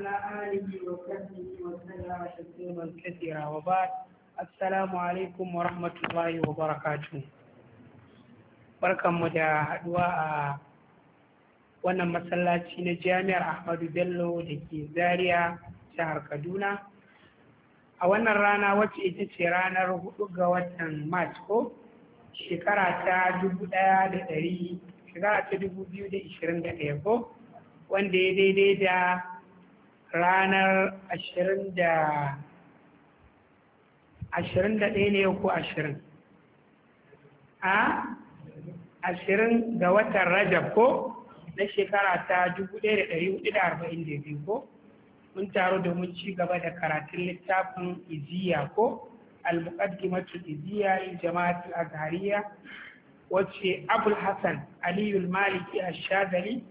وعلى آله وصحبه وسلم da haɗuwa a wannan masallaci na jami'ar ahmadu bello da ke zaria jihar kaduna a wannan rana wacce ita ce ranar hudu ga watan mars ko shekara ta dubu ɗaya da dari shekara ta dubu biyu da ishirin da ɗaya ko wanda ya daidai da ranar ashirin da ashirin da ɗaya ne ko ashirin a ashirin ga watan rajab ko na shekara ta dubu ɗaya da ɗari huɗu da arba'in da biyu ko mun taro domin ci gaba da karatun littafin iziya ko al-muqaddimatul iziya yin in a azhariya wacce abul hassan Aliyu maliki ash-shadali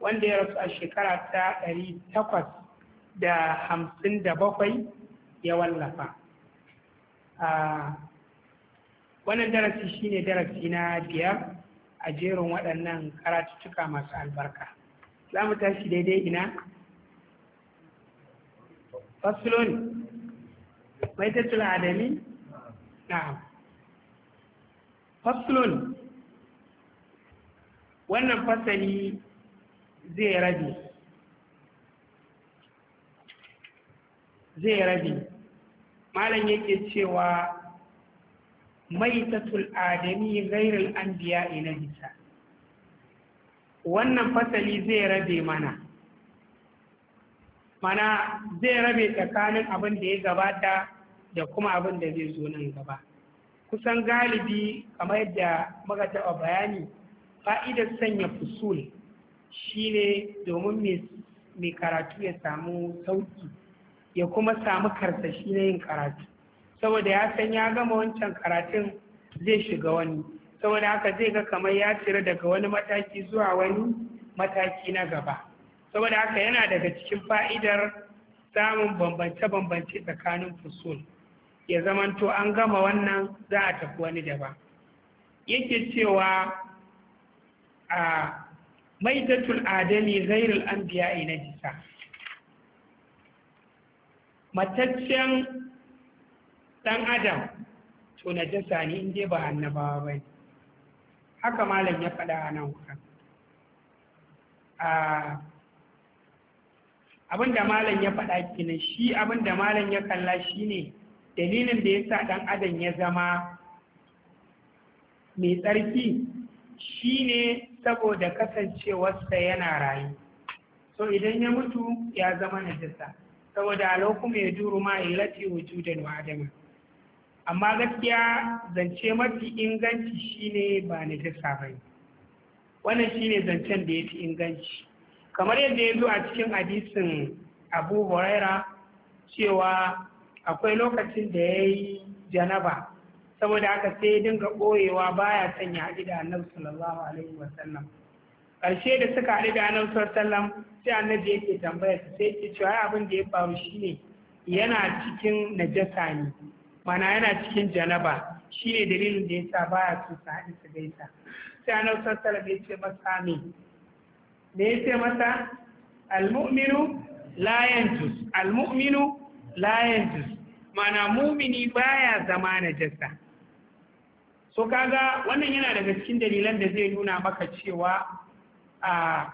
wanda ya rasu a shekara ta ɗari takwas da hamsin da bakwai ya wallafa wannan darasi shi ne darasi na biyar a jerin waɗannan karatuttuka masu albarka za mu tashi daidai ina fasiloni mai tattula adami na fasiloni wannan fasali zai rabe zai rabi malam yake cewa maitatul adami ghairul anbiya ina hisa wannan fasali zai rabe mana mana zai rabe tsakanin abin da ya gabata da kuma abin da zai zo nan gaba kusan galibi kamar yadda muka taɓa bayani fa'idar sanya fusul shine domin mai karatu ya samu sauki ya kuma samu karsashi na yin karatu saboda ya san ya gama wancan karatun zai shiga wani saboda haka zai ga kamar ya cire daga wani mataki zuwa wani mataki na gaba saboda haka yana daga cikin fa'idar samun bambance-bambance tsakanin fusul ya zama to an gama wannan za a tafi wani daban yake cewa a maitatul adami an biya na jisa mataccen ɗan adam to na jasa ne in dai ba annabawa ba ne haka malam ya faɗa a nan kan abin da malam ya faɗa kinan shi abin da malam ya kalla shi ne dalilin da ya sa ɗan adam ya zama mai tsarki shi ne saboda kasancewarsa yana rayu so idan ya mutu ya zama na jisa. saboda alau kuma ya duru ma illati wujudan wa adama amma gaskiya zance mafi inganci shine ba na ta ba wannan shine zancen da ya fi inganci kamar yadda ya zo a cikin hadisin abu huraira cewa akwai lokacin da ya yi janaba saboda haka sai dinga ɓoyewa baya sanya a da annabi sallallahu alaihi wasallam ƙarshe da suka haɗu da annabi sallallahu sai annabi yake tambaya sai ke cewa abin da ya faru shine yana cikin najasa ne mana yana cikin janaba shine dalilin da yasa baya su sa haɗu su gaisa sai annabi sallallahu ya ce masa ne me ya ce masa almu'minu la yanjus almu'minu la yanjus mana mumini baya zama najasa so kaga wannan yana daga cikin dalilan da zai nuna maka cewa a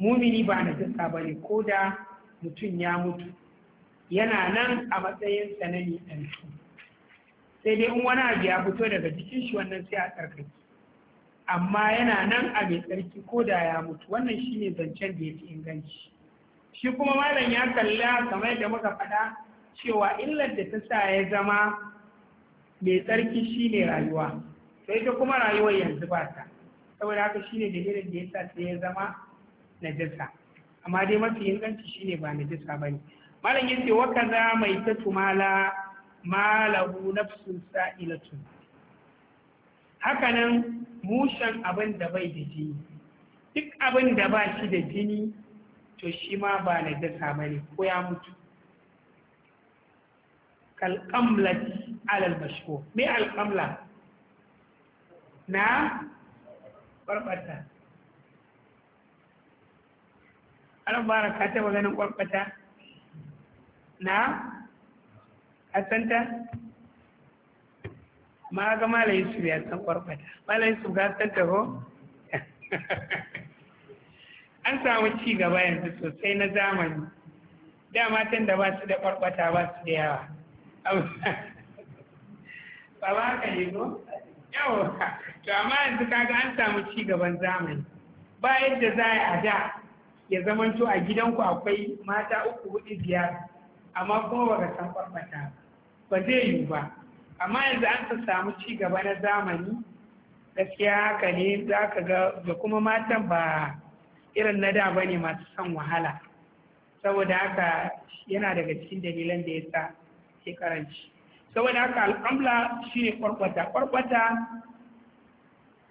mumini ba na jisa ba ne ko da mutum ya mutu yana nan a matsayin tsanani ɗan su sai dai in wani abu ya fito daga jikin shi wannan sai a tsarkaki amma yana nan a mai tsarki ko da ya mutu wannan shine zancen da ya fi inganci shi kuma malam ya kalla kamar da muka faɗa cewa illar da ta sa ya zama mai tsarki shine rayuwa Sai ta kuma rayuwar yanzu ba ta saboda haka shine dalilin da yasa sai ya zama najasa amma dai mafi inganci shine ba najasa bane malam yace wa kaza mai tumala malahu nafsun sa'ilatu hakanan mushan abin da bai da jini duk abin da ba shi da jini to shi ma ba najasa bane ko ya mutu kalkamlati alal mashhur me alkamla na ƙwarɓata an bara ka taɓa ganin ƙwarɓata na asanta ma ga malayin su ya san ƙwarɓata malayin su ga asanta ko an samu ci gaba yanzu sosai na zamani dama can da ba su da ƙwarɓata ba su da yawa ba ba ka yi ko yawa to amma yanzu kaga an samu ci gaban zamani ba yadda za a da ya zamanto a gidanku akwai mata uku hudu biyar amma kuma ba ka san barbata ba zai yiwu ba amma yanzu an ta samu ci gaba na zamani gaskiya haka ne za ka ga da kuma matan ba irin na da ba ne masu son wahala saboda haka yana daga cikin dalilan da ya sa ke karanci saboda haka al'amla shi ne ƙwarƙwata ƙwarƙwata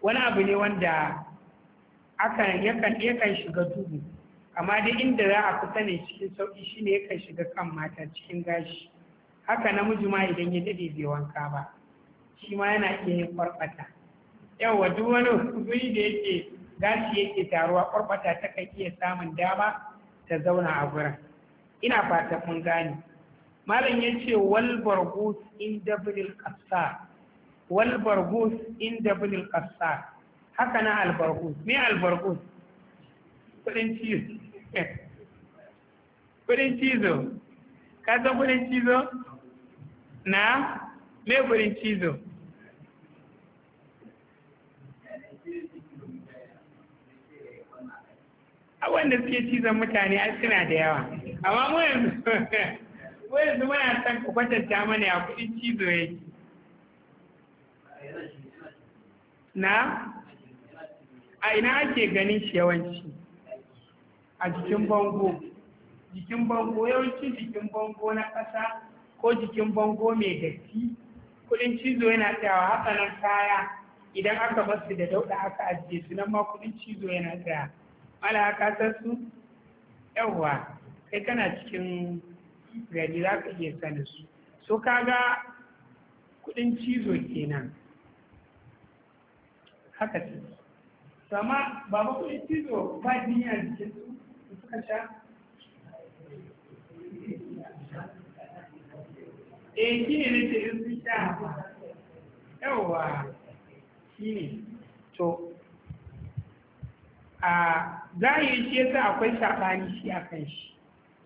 wani abu ne wanda aka yakan yakan shiga dubu amma dai inda za a kusa ne cikin sauƙi shi ne yakan shiga kan mata cikin gashi haka namiji ma idan ya dade bai wanka ba shi ma yana iya yin ƙwarƙwata yawwa duk wani guri da yake gashi yake taruwa ƙwarƙwata takan iya samun dama ta zauna a wurin. ina fata mun gane malam ya ce wal bargus inda binil qassar wal bargus inda binil qassar haka na al bargus me al bargus kudin cizo kudin cizo ka san kudin cizo na me kudin cizo a wanda suke cizon mutane suna da yawa amma mu yanzu ko ya san son kwatanta mana ya kuɗin cizo yake na a ina ake ganin shi yawanci a jikin bango jikin bango yawanci jikin bango na ƙasa ko jikin bango mai datti kudin cizo yana tsayawa haka nan kaya idan aka basu da dauɗa haka ajiye su nan ma kudin cizo yana tsaya mala haka san su yawwa kai kana cikin gari za ka iya sanin su so kaga kudin cizo kenan haka ce sama ba kudin cizo ba duniya jikin su suka sha eh shi ne na ce in sun sha yawa shi ne to a yi shi yasa akwai shafani shi a kan shi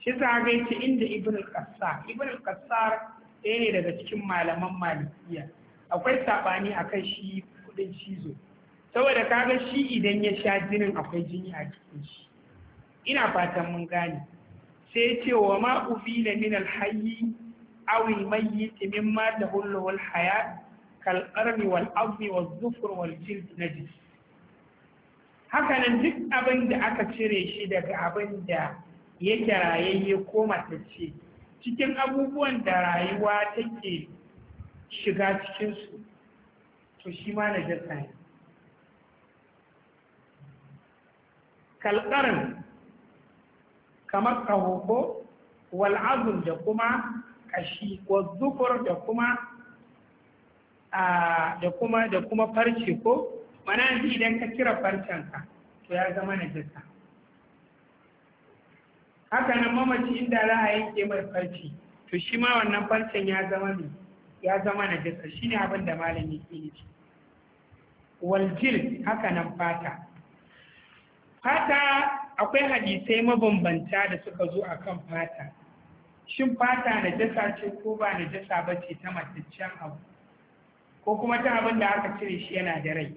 shi zagai ce inda ibn al-qassar ibn al-qassar ɗaya ne daga cikin malaman malikiya akwai sabani akan shi kudin cizo saboda kaga shi idan ya sha jinin akwai jini a cikin shi ina fatan mun gane sai ce wa ma ubila min al-hayy aw al-mayyit mimma tahullu al-hayat kal qarni wal azmi wal zufr wal jild hakanan duk abin da aka cire shi daga abin da yake rayayye ko matacce cikin abubuwan da rayuwa take shiga cikinsu to shi ma na jasa ne kalkarin kamar kahoko wal'azun da kuma kashi ko zukur da kuma da kuma da kuma farce ko mana idan ka kira farcenka to ya zama na jasa haka nan mamaci inda za a yanke mai farci to shi ma wannan farcen ya zama ne ya zama na jasa shi ne abin da malam ya ke nufi waljil haka nan fata fata akwai hadisai mabambanta da suka zo a kan fata shin fata na jasa ce ko ba na jasa ba ce ta mataccen abu ko kuma ta abin da aka cire shi yana da rai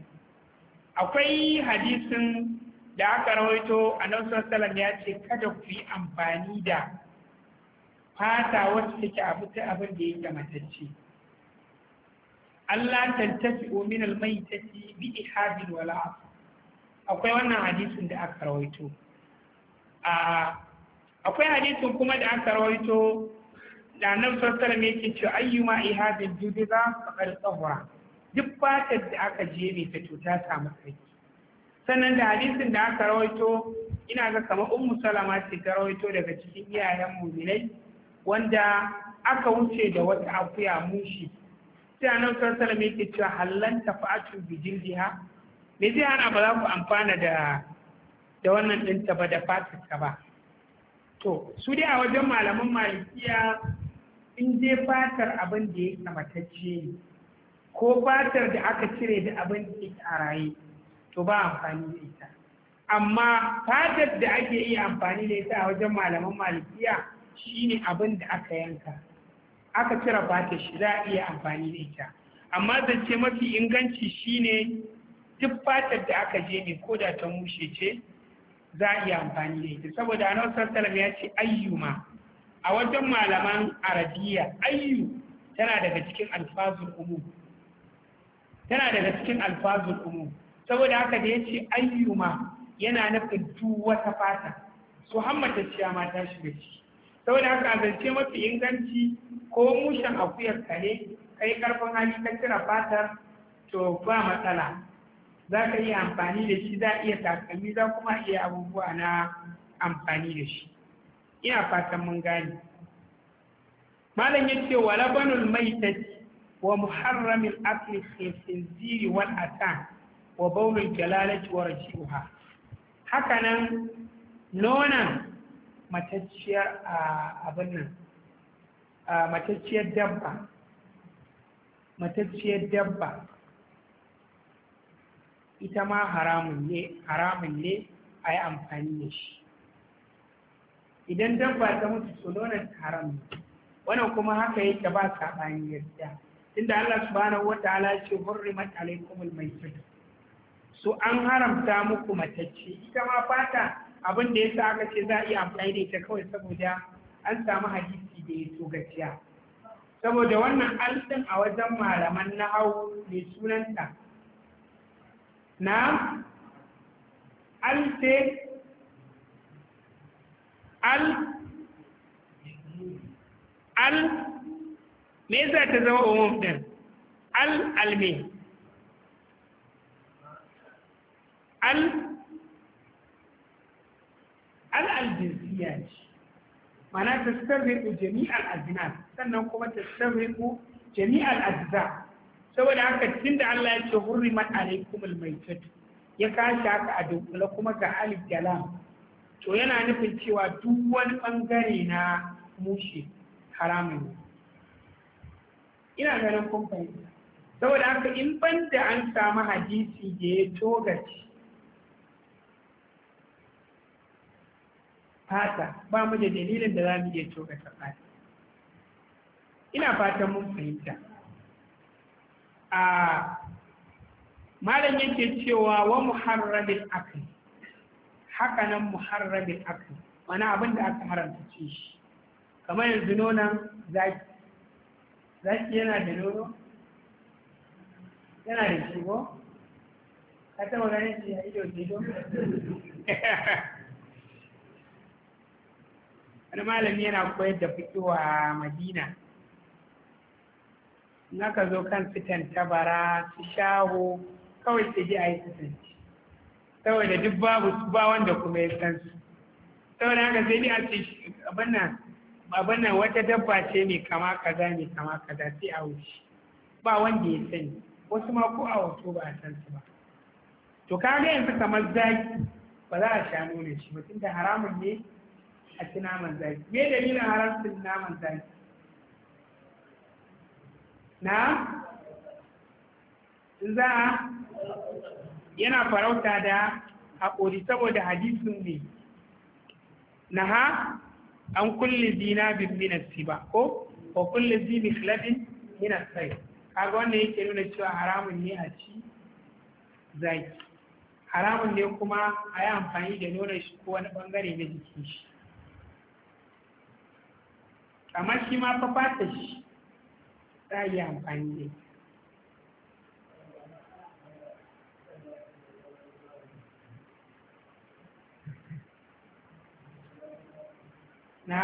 akwai hadisin da aka rawaito a annabi sallallahu ya ce kada ku yi amfani da fata wacce take abu ta abin da yake matacce Allah tantafi ta almaitati bi ihabin wala akwai wannan hadisin da aka rawaito a akwai hadisin kuma da aka rawaito da annabi sallallahu ya yake cewa ayyuma ihabin judiza faqad tsawara duk fatar da aka je ne ta to ta samu kai sannan da hadisin da aka rawaito ina ga kama ummu salama ce ta rawaito daga cikin iyayen muminai wanda aka wuce da wata akuya mushi sai annabi sallallahu alaihi wasallam yake cewa hallan tafa'atu bi jildiha me zai hana ba za ku amfana da da wannan ɗinta ba da fatarta ba to su dai a wajen malaman malikiya in dai fatar abin da ya kamatacce ko fatar da aka cire da abin da ya a raye to ba amfani da ita amma fatar da ake iya amfani da ita a wajen malaman malikiya shine abin da aka yanka aka cire fatar shi za a iya amfani da ita amma zance mafi inganci shine duk fatar da aka je ne ko da ta mushe ce za a iya amfani da ita saboda anan sassalam ya ce ayyuma a wajen malaman arabiya ayyu tana daga cikin alfazul umu tana daga cikin alfazul umum saboda haka da ya ce ayyuma yana nufin duk wata fata su ciya ma ta shiga ciki saboda haka a zance mafi inganci ko mushen akuyar ka kai karfin hali ka cire fatar to ba matsala za ka iya amfani da shi za a iya takalmi za kuma iya abubuwa na amfani da shi ina fatan mun gane malam ya ce wa labanul maitati wa muharramil akli khinziri wal atan wa baunin jalalati wa raji'uha haka nan nonan matacciyar abin nan matacciyar dabba matacciyar dabba ita ma haramun ne haramun ne a yi amfani da shi idan dabba ta mutu tsononan haram ne wannan kuma haka yake ba saɓani yadda inda Allah subhanahu wa ta'ala ce hurrimat alaikumul maitatu so an haramta muku matacce ita ma fata abin da yasa aka ce za a iya amfani da ita kawai saboda an samu hadisi da ya so gaciya saboda wannan alɗin a wajen malaman na hau mai sunanta na alte al al me yasa ta zama umum din al alme al al ce mana ta sarriku jami'al aznan sannan kuma ta sarriku jami'al azza saboda haka da Allah ya ce hurrimat alaikum almaitat ya kashi haka a dunkula kuma ga alif da to yana nufin cewa duk wani bangare na mushe haramun ina ganin kun fahimta saboda haka in banda an samu hadisi da ya togaci fata ba mu da dalilin da za mu iya cokata fata ina fatan mun fahimta a malam yake cewa wa muharrabin akli haka nan muharrabin akli wani abin da aka haramta ce shi kamar yanzu nonon zaki zaki yana da nono yana da shigo ka taba ganin shi a ido ido wani malami yana koyar da fiƙo a madina in zo kan fitan tabara su shaho kawai su ji a yi kusanci saboda duk babu su ba wanda kuma ya san su saboda haka sai ni a ce abin nan wata dabba ce mai kama kaza mai kama kaza sai a wuce ba wanda ya sani wasu ma ko a wato ba a san su ba to kaga yanzu kamar zaki ba za a sha nuna shi mutum da haramun ne a ci naman zaki me dalilin haramcin naman zaki na za yana farauta da haƙuri saboda hadisin ne na ha an kulle zinabin minasi ba ko ko kulle zi minasai kaga wannan yake nuna cewa haramun ne a ci zaki haramun ne kuma a yi amfani da nuna shi ko wani bangare na jikin shi kamar shi ma fa fata shi za a yi amfani da na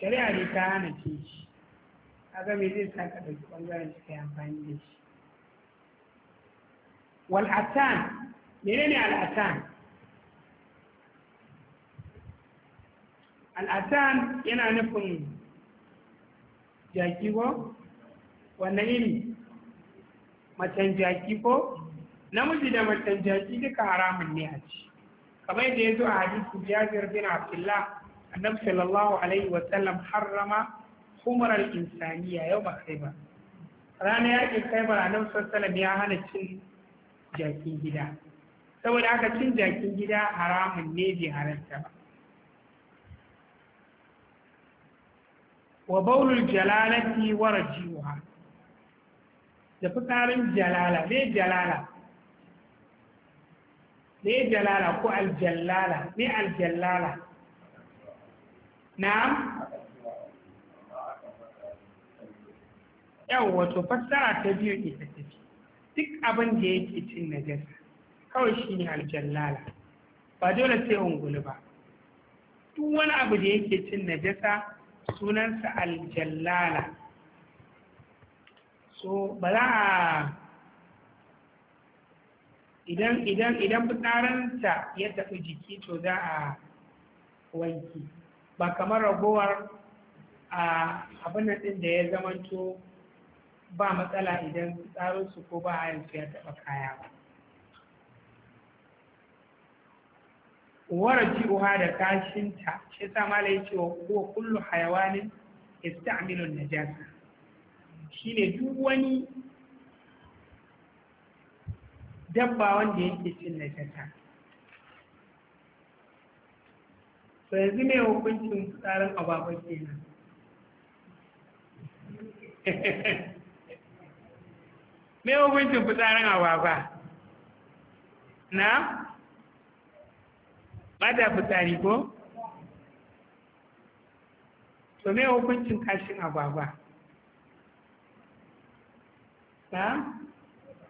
shari'a ne ta hana ke shi kaga me zai sa ka ɗauki ɓangaren shi ka yi amfani da shi wal'atan menene al'atan al'atan yana nufin jaki ko wanne iri macen jaki ko namiji da macen jaki duka haramun ne a ci kamar yadda ya zo a hadisin jabir bin abdullah annabi sallallahu alaihi wa sallam harrama al insaniya yau ba sai ba ranar yakin kai ba annabi sallallahu alaihi ya hana cin jakin gida saboda aka cin jakin gida haramun ne bai halarta ba wa baulul jalalati wa rajiwa da fitsarin jalala ne jalala ne jalala ko aljallala ne aljallala na'am yawon wato fassara ta biyu ita ce duk abin da yake cin najasa kawai shi ne aljallala ba dole sai ungulu ba duk wani abu da yake cin najasa sunansa aljallala so ba za a idan idan idan fitsarinta ya tafi jiki to za a wanki ba kamar ragowar a abin ɗin da ya zamanto ba matsala idan su ko ba a ya taɓa kaya ba Wara waraji'uha da kashinta shi sa mala ya ce wa kuwa kullu hayawanin istamilun najasa ne duk wani dabba wanda yake cin najasa to yanzu ne hukuncin tsarin ababa kenan me hukuncin fitsarin ababa na bada da fitari ko to me hukuncin kashin agwagwa ta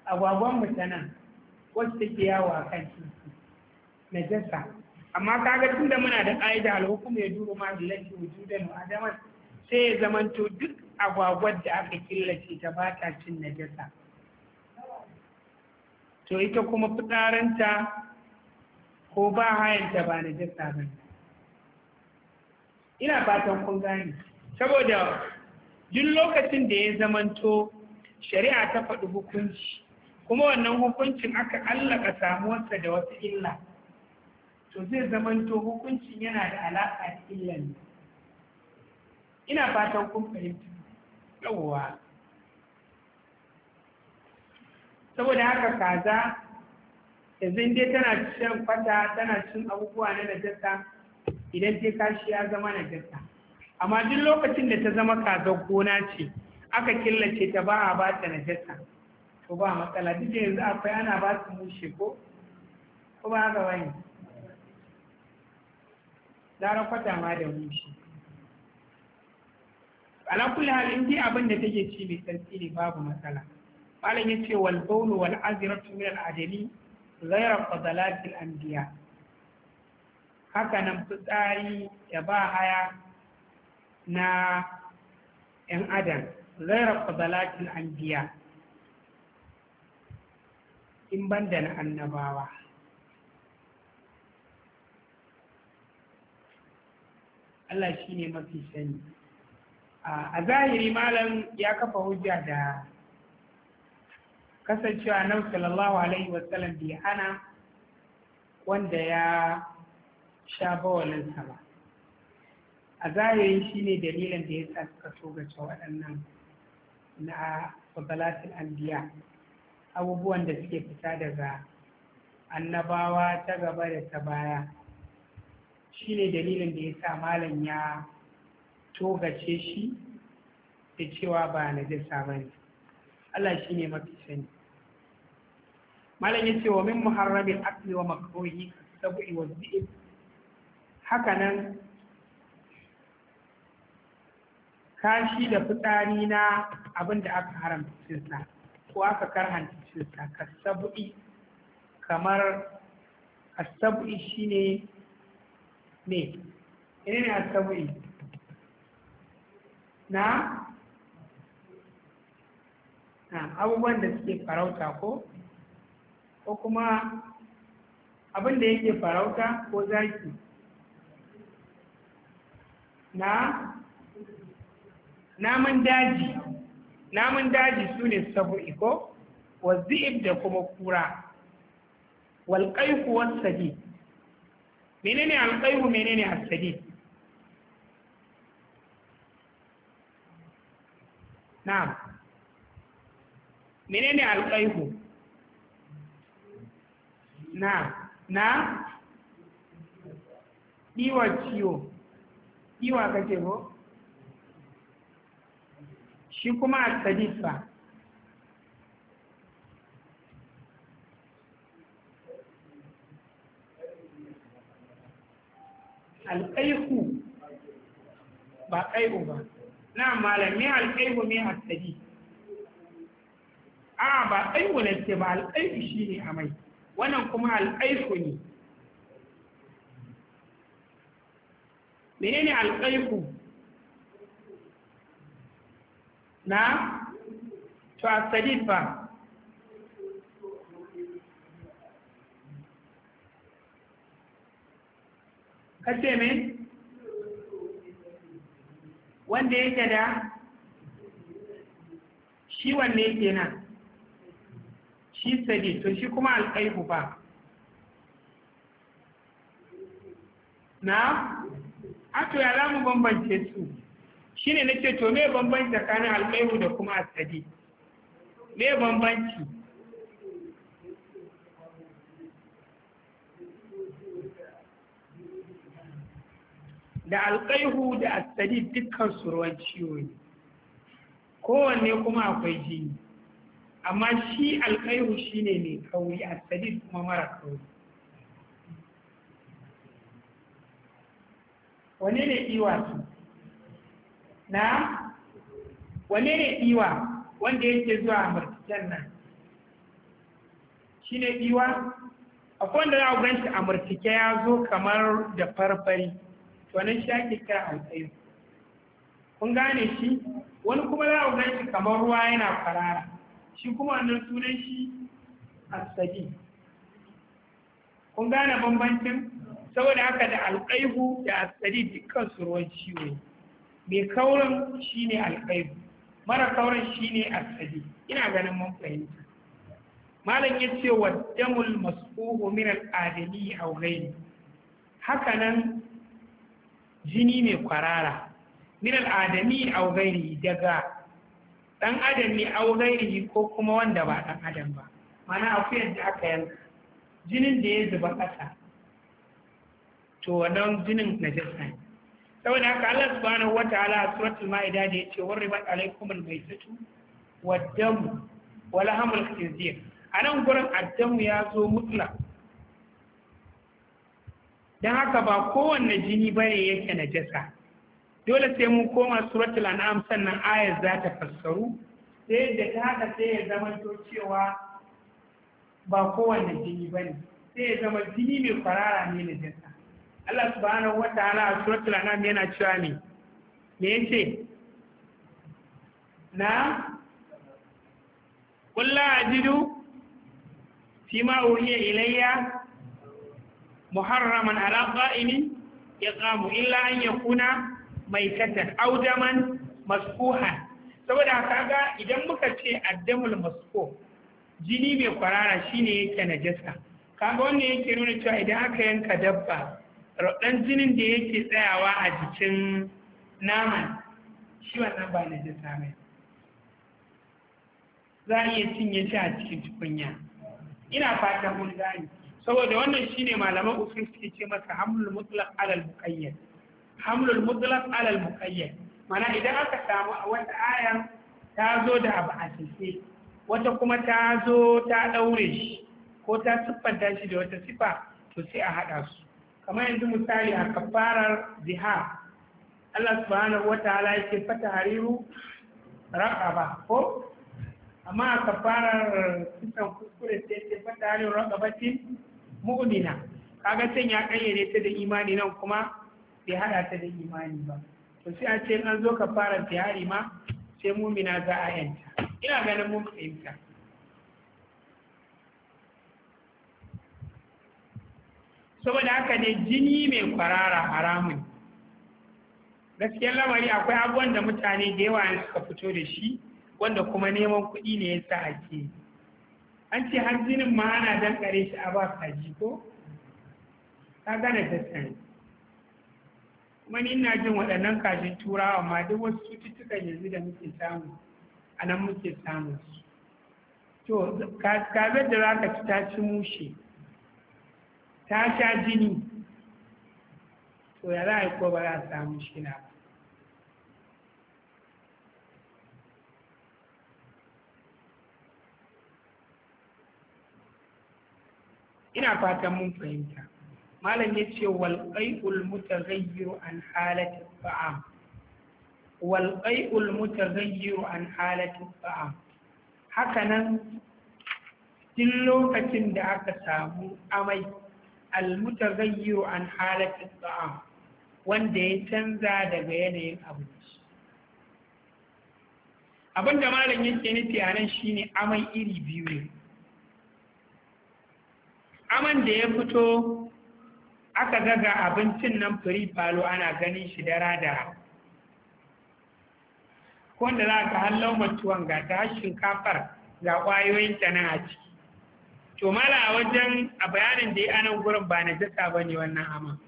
agwagwan mutanen wacce take yawo a kan titi na jasa amma kaga tun da muna da ƙa'ida alhukum ya duru ma billahi wujudan wa adaman sai ya zamanto duk agwagwar da aka killace ta ba ta cin najasa to ita kuma fitsaranta ko ba hayanta ba na jasa ba ina fatan kun gane saboda duk lokacin da ya zamanto shari'a ta faɗi hukunci kuma wannan hukuncin aka allaka samuwarsa da wata illa to zai zamanto hukuncin yana da alaƙa da illan ina fatan kun fahimta yawwa saboda haka kaza yanzu dai tana shan kwata tana cin abubuwa na najasa idan ta kashi ya zama najasa amma duk lokacin da ta zama kazar gona ce aka killace ta ba a ba ta najasa to ba matsala duk yanzu akwai ana ba su mushe ko ko ba haka bane zara kwata ma da mushe ala kulli hal indi abin da take ci mai tsarki ne babu matsala malam yace wal bawlu wal azratu min al adali ghairar fadalatil anbiya haka nan fitsari da ba haya na 'yan adam fadalatin an biya. in ban da na annabawa Allah shi ne mafi sani a zahiri malam ya kafa hujja da kasancewa nan sallallahu alaihi wasallam bai hana wanda ya sha bawalinsa ba a zahirin shi ne dalilin da ya sa suka togace waɗannan na fadalatul anbiya abubuwan da suke fita daga annabawa ta gaba da ta baya shi ne dalilin da ya sa malam ya togace shi da cewa ba na jisa ba Allah shi ne mafi sani malam ce wa min muharrabil akli wa makruhi sabu'i wa dhi'ib haka nan kashi da fitsari na abin da aka haramta cinsa ko aka karhanta cinsa ka sabu'i kamar asabu'i shine ne ina ne asabu'i na abubuwan da suke farauta ko ko kuma abin da yake farauta ko zaki na namun daji namun daji su ne sabu iko wa da kuma kura wal qaiqu was sadid menene al qaiqu menene as Na, mene menene alƙaihu? na na ɗiwa ciwo ɗiwa kake ko shi kuma a tsadifa alƙaiku ba ƙaiku ba na malami alƙaiku ne a tsadi a ba ƙaiku ne ke ba alƙaiku shi ne a mai wannan kuma alƙaifu ne menene alƙaifu na to a kace me wanda yake da shi wanne yake nan shi sadi to shi kuma alƙaihu ba na ato ya zamu bambance su shi ne nake to me bambanci tsakanin alƙaihu da kuma asadi me bambanci da alƙaihu da asadi dukkan su ruwan ciwo ne kowanne kuma akwai jini amma shi alƙaihu shi ne mai kauri a sadid kuma mara kauri wane ne iwa su na wane ne iwa wanda yake zuwa a martijan nan shi ne iwa akwai wanda za a ganshi a murtike ya zo kamar da farfari to nan shi ake kira alƙaihu kun gane shi wani kuma za a shi kamar ruwa yana farara shi kuma wannan sunan shi asali kun gane bambancin saboda haka da alƙaihu da asali dukkan su ruwan ciwo mai kauran shine alƙaihu mara kauran shine asali ina ganin mun fahimta malam ya ce wa damul masfuhu min al'adami a wurai haka nan jini mai kwarara min al'adami a wurai daga dan adam ne au gairihi ko kuma wanda ba ɗan adam ba mana akuyar da aka yanka jinin da ya zuba ƙasa to wannan jinin na jasa ne saboda haka Allah subhanahu ala a suratul ma'ida da yace warribat alaikum almaytatu wad-dam wa lahamul khinzir anan gurin addamu ya zo mutula dan haka ba kowanne jini bane yake najasa dole sai mun koma suratul an'am sannan ayar za ta fassaru sai da ta haka sai ya zama to cewa ba kowanne jini ba ne sai ya zama jini mai farara ne na jinsa Allah subhanahu wataala a suratul an'am yana cewa ne me yace na qul ajidu fi ma uriya ilayya muharraman ala qa'imin yaqamu illa an yakuna mai katan daman maskuha saboda kaga idan muka ce addamul masko jini mai kwarara shine yake najasa kaga wannan yake nuna cewa idan aka yanka dabba dan jinin da yake tsayawa a jikin naman shi wannan ba najasa mai za a iya cinye shi a cikin tukunya ina fatan mun gani saboda wannan shine malaman usul suke ce masa hamlul mutlaq alal muqayyad hamlul mutlaq alal muqayyad mana idan aka samu wata aya ta zo da abu a sise wata kuma ta zo ta daure shi ko ta siffanta shi da wata sifa to sai a hada su kamar yanzu misali a kafarar zihar Allah subhanahu wataala yake fata hariru raqaba ko amma a kafarar kisan kuskure sai yake fata hariru raqabatin mu'mina kaga sai ya kayyade ta da imani nan kuma bai hada ta da imani ba to sai a ce an zo ka fara tihari ma sai mumina za a yanta ina ganin mun fahimta saboda haka ne jini mai kwarara haramun gaskiyar lamari akwai abubuwan da mutane da yawa suka fito da shi wanda kuma neman kuɗi ne ya sa ake an ce har jinin ma ana dankare shi a ba kaji ko ka gane ta kuma ni ina jin waɗannan kashin turawa ma duk wasu cututtukan yanzu da muke samu a nan muke samu su to kazar da za ka ci ta ci mushe ta sha jini to ya za a yi ko ba za a samu shi na ba ina fatan mun fahimta malam ya ce walƙai'ul mutagayyiru an halatin ba'am walƙai'ul mutagayyiru an halatin Haka nan, cikin lokacin da aka samu amai almutagayyiru an halatin ba'am wanda ya canza daga yanayin abinci da malam yake nufi a nan shine amai iri biyu ne aman da ya fito aka daga abincin nan firi falo ana ganin shi dara-dara wanda za ka hallon matuwan ga ta shinkafar ga ƙwayoyin ta nan a ciki to mala a wajen a bayanin da ya anan gurin ba na jasa ba ne wannan aman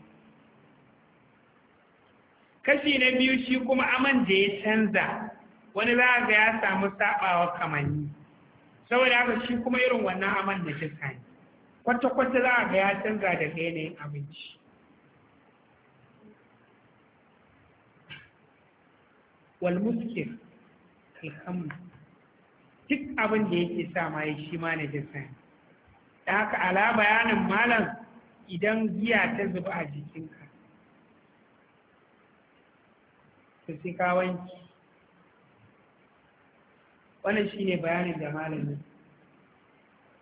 kashi na biyu shi kuma aman da ya canza wani za ga ya samu saɓawa kamanni saboda haka shi kuma irin wannan aman da jasa ne kwata-kwata za a ga ya canza daga yanayin abinci walmuskin alhamdu duk abin da yake sa ma ya shi ma na jisa da haka ala bayanin malam idan giya ta zuba a jikinka su sai ka wannan shi shine bayanin da malamin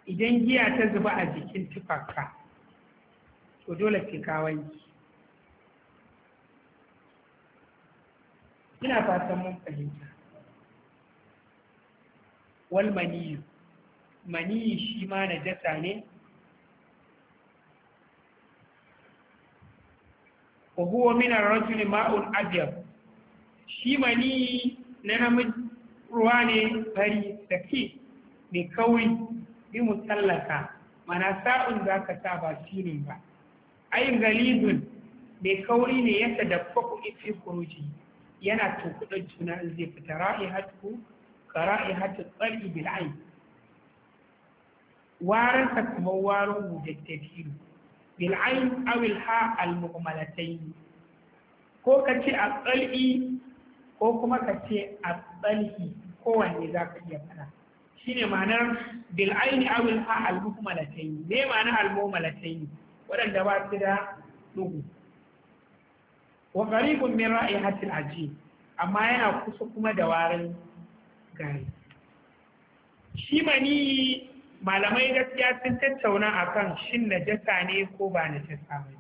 idan giya ta zuba a jikin tufarka to dole sai ka wanki ina fatan mun fahimta wal maniyu maniyi shi ma najasa ne wa huwa min ar-rajuli ma'un abyad shi maniyi na namiji ruwa ne fari da ke mai kauri sai musallaka, mana sa'un za ka sa ba sinin ba ai galibin mai kauri ne yadda da kwaku ifi kuruji yana tukudan juna zai fita ra'i hatu ka ra'i hatu tsari bil'ai warinsa kamar warin hujjattafi bil'ai awil ha al mukmalatai ko ka ce a tsali ko kuma ka ce a tsali kowanne za ka iya fara shine ma'anar bil aini aw al ha al mukmalatayn me ma'ana al wadanda ba su da dugu wa qaribun min ra'ihatil ajib amma yana kusa kuma da warin gari shi mani malamai gaskiya sun tattauna akan shin na najasa ne ko ba na jasa ba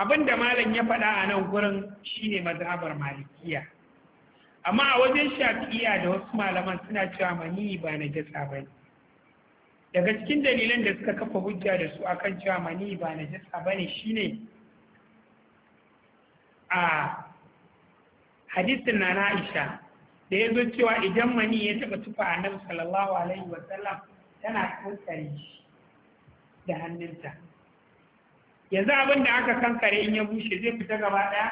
Abinda malam ya faɗa a nan gurin shine mazhabar malikiya amma a wajen shafi'iya da wasu malaman suna cewa maniyi ba na jasa ba ne daga cikin dalilan da suka kafa hujja da su akan cewa maniyi ba na jasa ba ne shine a hadisin na na'isha da ya zo cewa idan mani ya taɓa tufa a nan, sallallahu alaihi wasallam tana kankare shi da hannunta yanzu abin da aka kankare in ya bushe zai fita gaba ɗaya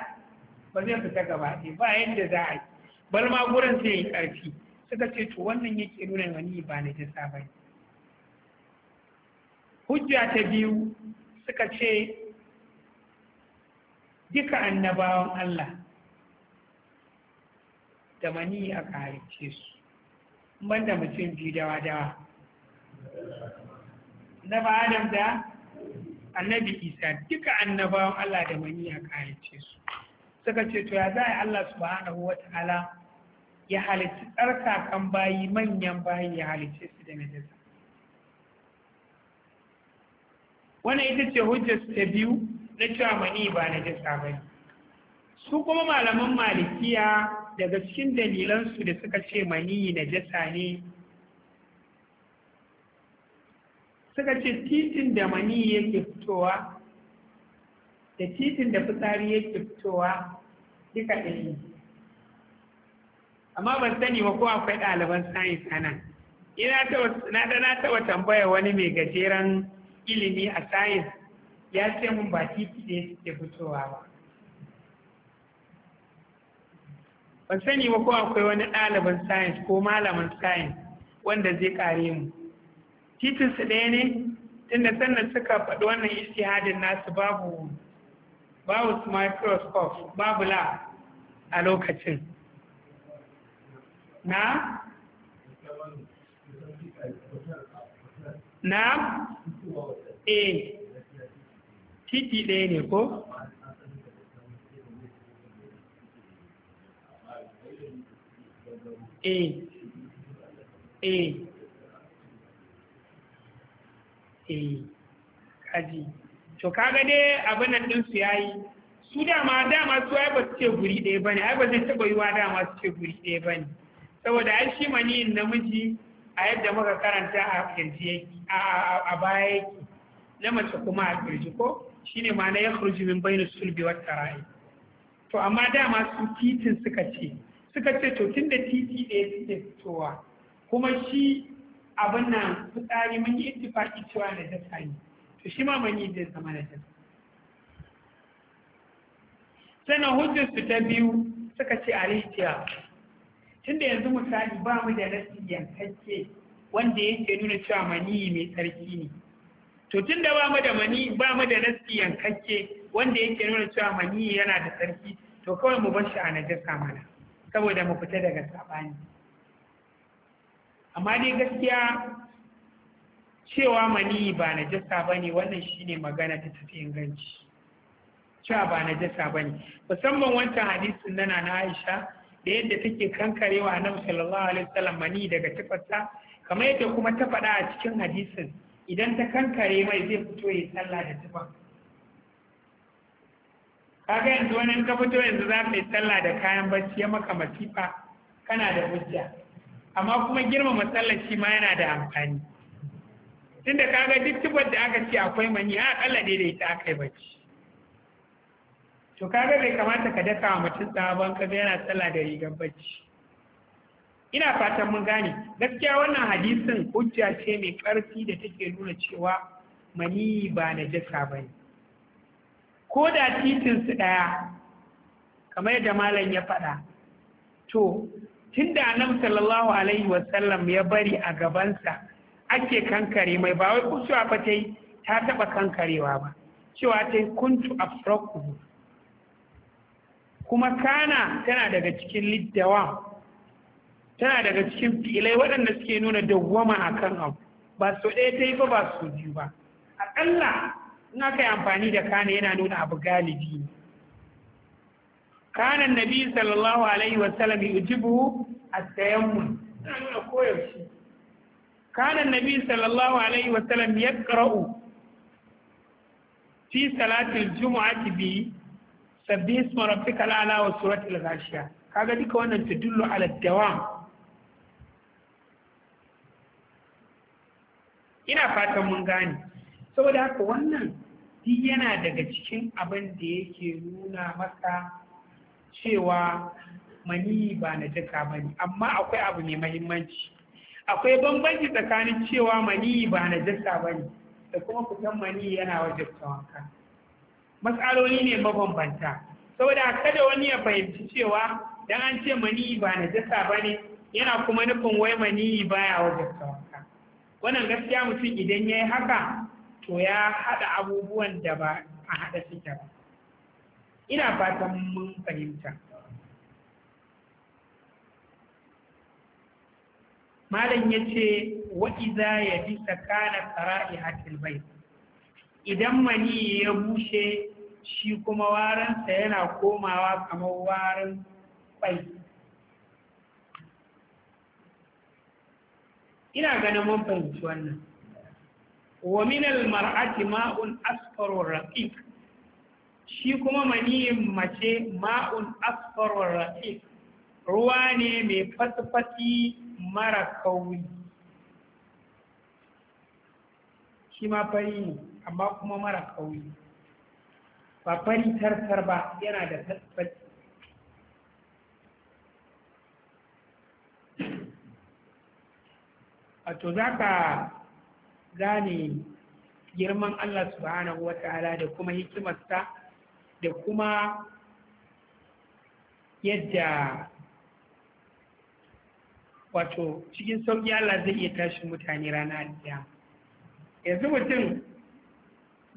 ba zai fita gaba ɗaya ba yadda za a yi bal ma gurin sai yi ƙarfi suka ce to wannan yake nuna gani ba na jisa ba hujja ta biyu suka ce duka annabawan Allah da mani a karice su banda mutum biyu dawa dawa na ba adam da annabi isa duka annabawan Allah da mani a karice su suka ce to ya za a Allah subhanahu wa ta'ala ya halicci tsarkakan bayi manyan bayi ya halicce su da majalisa wannan ita ce hujjar ta biyu na cewa mani ba na jasa ba ne su kuma malaman malikiya daga cikin dalilansu da suka ce mani jasa ne suka ce titin da mani yake fitowa da titin da fitsari yake fitowa duka ɗaya amma ban sani ba ko akwai ɗaliban sayis a nan ina ta na taɓa tambaya wani mai gajeren ilimi a sayis ya ce mun ba titi ne suke fitowa ba ban sani ba ko akwai wani ɗaliban sayis ko malamin sayis wanda zai kare mu titin su ɗaya ne tunda sannan suka faɗi wannan istihadin nasu babu babu microscope babu lab a lokacin na na e titi ɗaya ne ko e e e kaji to kaga dai abin nan ɗinsu ya yi su dama dama su ai ba su ce guri ɗaya bane ai ba zai taɓa yiwa dama su ce guri ɗaya bane. saboda an shi maniyin namiji a yadda muka karanta a kirji a baya yake na mace kuma a kirji ko shine ma na ya kurji min bainu sulbi wa tara'i to amma dama su titin suka ce suka ce to tunda titi ɗaya suke fitowa kuma shi abin nan fitsari mun yi ittifaki cewa da dasa ne to shi ma mani zai zama da dasa sannan su ta biyu suka ce alihtiya tunda yanzu misali ba mu da nasi yankacce wanda yake nuna cewa mani mai tsarki ne to tunda ba mu da mani ba mu da nasi yankacce wanda yake nuna cewa maniyi yana da tsarki to kawai mu bar shi a najasa mana saboda mu fita daga sabani amma dai gaskiya cewa mani ba najasa bane wannan shine magana ta tafi inganci cewa ba najasa bane musamman wancan hadisin nana na Aisha da yadda take kankarewa nan sallallahu alaihi wasallam mani daga tufarta kamar yadda kuma ta faɗa a cikin hadisin idan ta kankare mai zai fito ya sallah da tufar kaga yanzu wani ka fito yanzu za ka yi sallah da kayan bacci ya maka masifa kana da hujja amma kuma girmama masallaci ma yana da amfani tunda kaga duk tubar da aka ce akwai mani a akalla daidaita aka yi bacci to kaga bai kamata ka daka wa mutum sabon kaga yana tsalla da rigar bacci ina fatan mun gane gaskiya wannan hadisin hujja ce mai karfi da take nuna cewa mani ba na jaka ba ne ko da titin su ɗaya kamar yadda malam ya faɗa to tun da annabi sallallahu alaihi wasallam ya bari a gabansa ake kankare mai ba wai kusuwa ba ta ta taɓa kankarewa ba cewa ta yi kuntu afrokuhu kuma kana tana daga cikin liddawa tana daga cikin fi'ilai waɗanda suke nuna dawwama a kan abu ba so ɗaya ta yi ba ba so biyu ba aƙalla in aka yi amfani da kana yana nuna abu galibi ne kana nabi sallallahu alaihi wa sallam yujibu at-tayammum yana nuna koyaushe kana nabi sallallahu alaihi wa wasallam yaqra'u fi salatil jumu'ati bi sabbi isma rabbika al'ala wa suratul ghashiya kaga duka wannan tadullu ala dawam ina fatan mun gane saboda haka wannan duk yana daga cikin abin da yake nuna maka cewa mani ba na jika ba ne amma akwai abu mai mahimmanci akwai bambanci tsakanin cewa mani ba na jika ba ne da kuma fitan mani yana wajen wanka matsaloli ne mabambanta saboda kada wani ya fahimci cewa dan an ce mani ba na jasa ba ne yana kuma nufin wai mani ya wajen wanka wannan gaskiya mutum idan ya yi haka to ya haɗa abubuwan da ba a haɗa suke ba ina fatan mun fahimta malam ya ce wa'iza ya bi tsakanin tsara'i hatil bai idan mani ya bushe shi kuma waransa yana komawa kamar warin kwai ina ganin mun fahimci wannan wa minal mar'ati ma'un asfaru raqiq shi kuma maniyin mace ma'un asfaru raqiq ruwa ne mai fatfati mara kauri shi ma fari amma kuma mara kauri ba fari tartar ba yana da tabbaci a to za ka gane girman Allah subhanahu wa ta'ala da kuma hikimarsa da kuma yadda wato cikin sauƙi Allah zai iya tashi mutane rana da yanzu mutum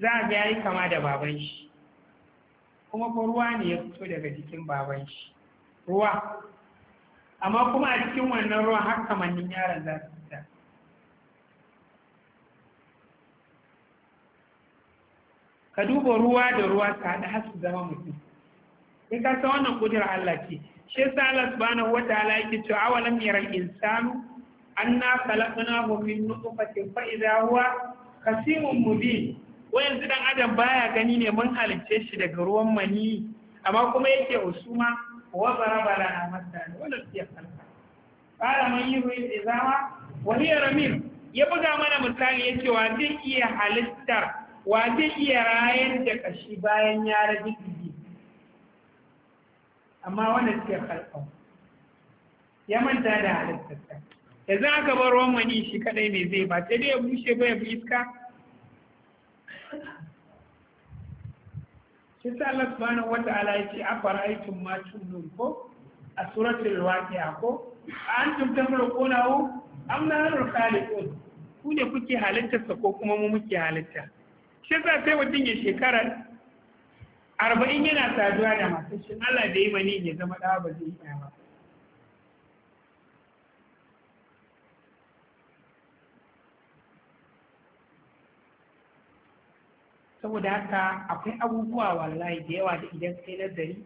za a ga yayi kama da baban shi kuma ko ruwa ne ya fito daga jikin baban shi ruwa amma kuma a cikin wannan ruwan har kamannin yaron za su fita ka duba ruwa da ruwa ka haɗa har su zama mutum sai ka san wannan kudurar Allah ce shi sa Allah subhanahu wataala yake cewa awalam yaral insanu anna khalaqnahu min nutfatin fa idha huwa khasimun mubin ko yanzu dan adam baya gani ne mun halicce shi daga ruwan mani amma kuma yake usuma wa barabara na masana wala fiya halka qala man ruwan izama wa hiya ramim ya buga mana misali yake wa zai iya halittar wa zai iya rayar da kashi bayan ya rage amma wanda suke halka ya manta da halittarsa yanzu aka bar ruwan mani shi kadai ne zai ba sai dai ya bushe ba ya iska Sai sa Allah subhanahu yake yace afara'aytum ma tunun ko a suratul waqi'a ko antum tamruqunahu am har khaliqun ku ne kuke halitta sa? ko kuma mu muke halitta shi sa sai mutum ya shekara arba'in yana saduwa da masu shi Allah da yi mani ya zama da ba zai iya ba saboda haka akwai abubuwa wallahi da yawa da idan kai nazari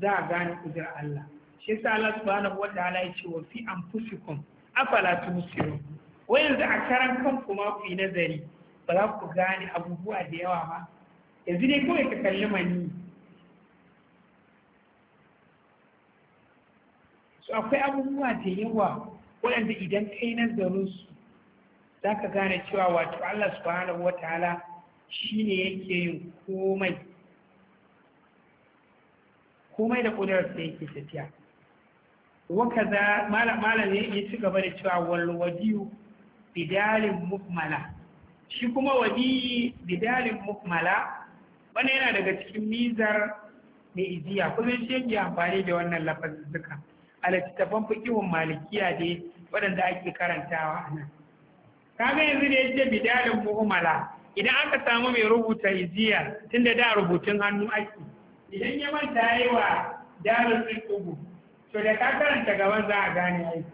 za a gane kudur Allah shi yasa Allah subhanahu wa ta'ala ya ce wa fi anfusikum afala tubsirun wa yanzu a karan kanku ma ku yi nazari ba za ku gane abubuwa da yawa ba yanzu dai kawai ka kalli mani so akwai abubuwa da yawa waɗanda idan kai nazarin su za ka gane cewa wato Allah subhanahu wa ta'ala shi ne yake yin komai komai da kudurar da yake tafiya waka za malam ya ci gaba da cewa walwadiyu bidalin mukmala shi kuma wadi bidalin mukmala wani yana daga cikin mizar mai ijiya kuma shi yake amfani da wannan lafazuzzuka a littattafan fikihun malikiya dai waɗanda ake karantawa a nan kaga yanzu da ya bidalin mukmala idan aka samu mai rubuta iziya tun da da rubutun hannu ake idan ya manta yi wa darin tsibbu to da ka karanta gaban za a gane a yi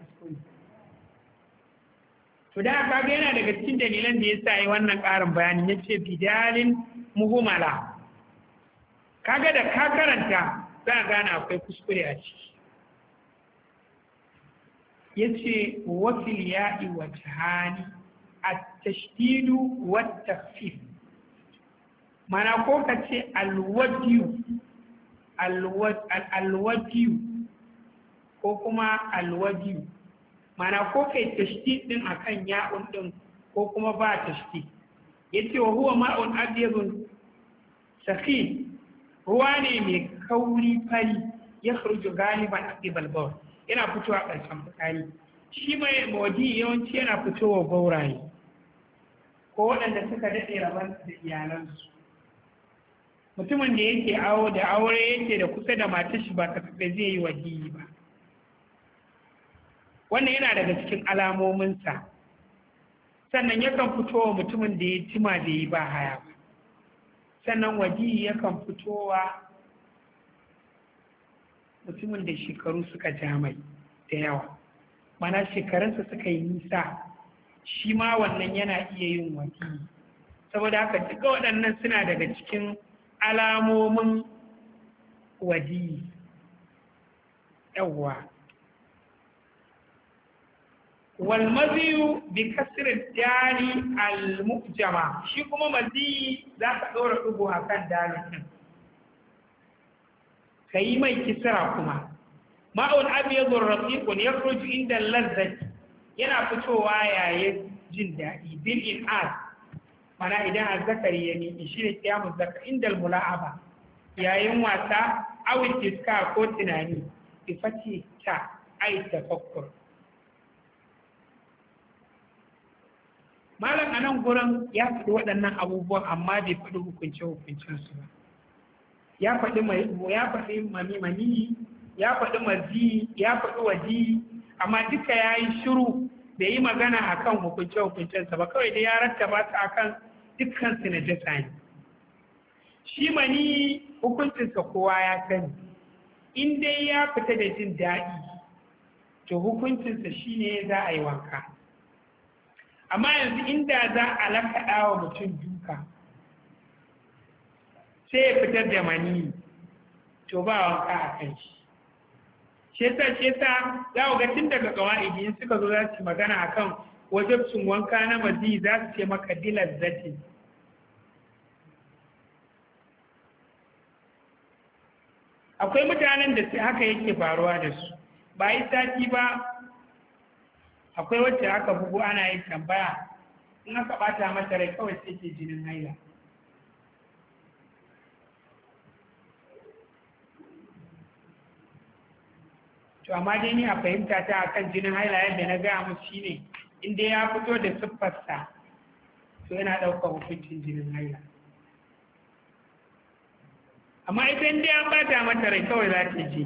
to da aka ga yana daga cikin dalilan da ya sa yi wannan ƙarin bayanin ya ce bidalin muhumala kaga da ka karanta za a gane akwai kuskure a ciki ya ce wafil ya'i wa jihani at-tashdid wa at-takhfif mana ko ka ce ko kuma al mana ko kai tashdid din akan ya'un din ko kuma ba tashdid yace wa huwa ma'un abyadun sakhin ruwa ne mai kauri fari ya kharuju galiban aqibal bawl yana fitowa ƙarshen fitsari shi mai mawadi yawanci yana fitowa gauraye ko waɗanda suka daɗe rabar da iyalansu mutumin da yake awo da aure yake da kusa da matar shi ba zai yi wajiyi ba wannan yana daga cikin alamominsa sannan yakan fitowa mutumin da ya jima da yi ba haya ba sannan wajiyi yakan fitowa mutumin da shekaru suka jamai da yawa mana shekarunsa suka yi nisa shi ma wannan yana iya yin waki saboda haka duka waɗannan suna daga cikin alamomin waji yawwa wal maziyu bi kasri dali al mujama shi kuma maziyi za ka ɗora ɗigo a kan dalin ka yi mai kisra kuma ma'un abu ya zurrafi kun ya inda lazzati yana fitowa yayin jin daɗi bil in az mana idan azzakari ya miƙi shi ne kiyamun zaka indal mula'aba yayin wasa awin iska ko tunani ifati ta ai tafakkur malam anan gurin ya faɗi waɗannan abubuwan amma bai faɗi hukunce su ba ya faɗi ya faɗi mami mani ya faɗi mazi ya faɗi waji amma duka ya yi shiru da yi magana a kan hukunce hukuncensa ba kawai da ya rattaba ta kan dukkan su na jasa ne shi mani hukuncinsa kowa ya sani in dai ya fita da jin daɗi to hukuncinsa shi ne za a yi wanka amma yanzu inda za a lakaɗa wa mutum duka sai ya fitar da mani to ba wanka a kan shi shi yasa shi yasa za ga tun daga qawaidi in suka zo za su magana akan wajibcin wanka na mazi za su ce maka dilar zati akwai mutanen da haka yake faruwa da su ba yi sati ba akwai wacce aka bugu ana yin tambaya in aka bata mata rai kawai sai ke jinin haila to amma dai ni a fahimta ta akan jinin haila yadda na gaya musu shine in dai ya fito da siffarsa to yana ɗaukar hukuncin jinin haila amma idan dai an bata mata rai kawai za ta je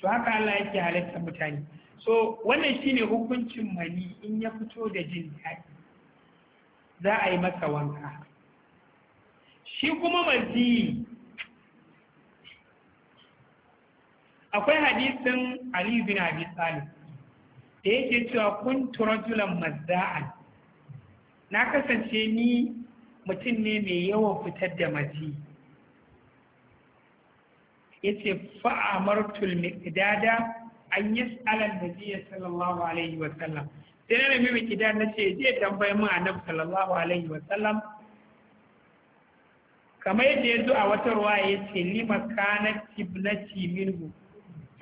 to haka Allah yake halitta mutane so wannan shine hukuncin mani in ya fito da jin daɗi za a yi masa wanka shi kuma maziyi akwai hadisin ali bin abi talib da yake cewa kun turajulan mazda'an na kasance ni mutum ne mai yawan fitar da maji yace fa'amartul miqdada an yas'ala an-nabiy sallallahu alaihi wa sallam sai na nemi miqdad nace je tambaye mu annabi sallallahu alaihi wa sallam kamar yadda ya zo a wata ruwaya yace limakanat ibnati minhu